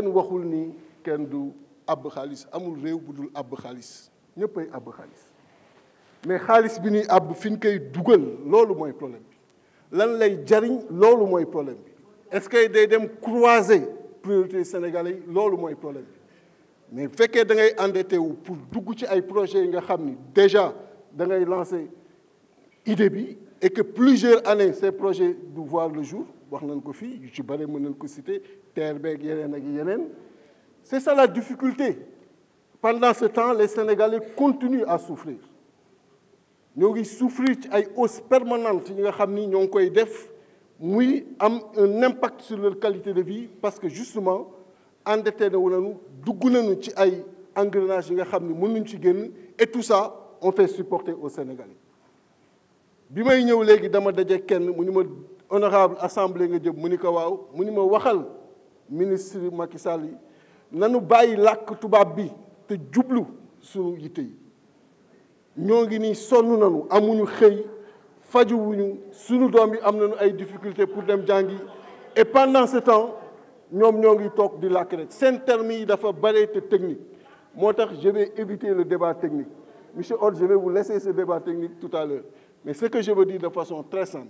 kenn waxul ni kenn du àbb xaalis amul réew bu dul àbb xaalis ñëpp ay àbb xaalis mais xaalis bi ñuy àbb fi ñu koy dugal loolu mooy problème bi lan lay jariñ loolu mooy problème bi est-ce que day dem croiser priorité sénégalais yi loolu mooy problème bi mais fekkee da ngay endetté wu pour dugg ci ay projet yi nga xam ni déjà da ngay lancer idée bi et que plusieurs années ces projets du voir le jour wax nañ ko fii yu ci bëri mën nañ ko citer terre beeg yeneen ak yeneen c'est ça la difficulté pendant ce temps les sénégalais continuent à souffrir ñoo ngi souffrir ci ay hausses permanentes yi nga xam ni ñoo ngi koy def muy am un impact sur leur qualité de vie parce que justement endetté nawu nañu dugg nañu ci ay engrenage yi nga xam ni mënuñ ci génn et tout ça on fait supporter aux Sénégalais bi may ñëw léegi dama daje kenn mu ni ma honorable assemblée nga jëm mu ni ko waxal ministre Macky Sall yi nanu bàyyi làkk tubaab bi te djublu sunu yitte yi ñoo ngi nañu amuñu xëy fajuwuñu sunu doom yi am nañu ay difficulté pour dem jangi. et pendant ce temps ñom ñongi t'ok di làkk rek terme termes yi dafa bare te technique motax je vais éviter le débat technique monsieur Or, je vais vous laisser ce débat technique tout à l'heure mais ce que je veux dire de façon très simple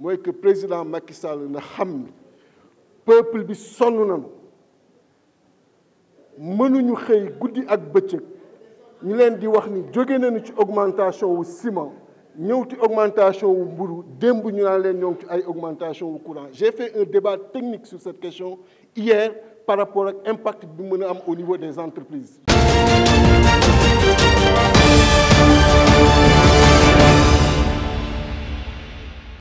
le que président Macky Sall na que peuple augmentation ciment augmentation mburu augmentation courant j'ai fait un débat technique sur cette question hier par rapport à l'impact bi nous au niveau des entreprises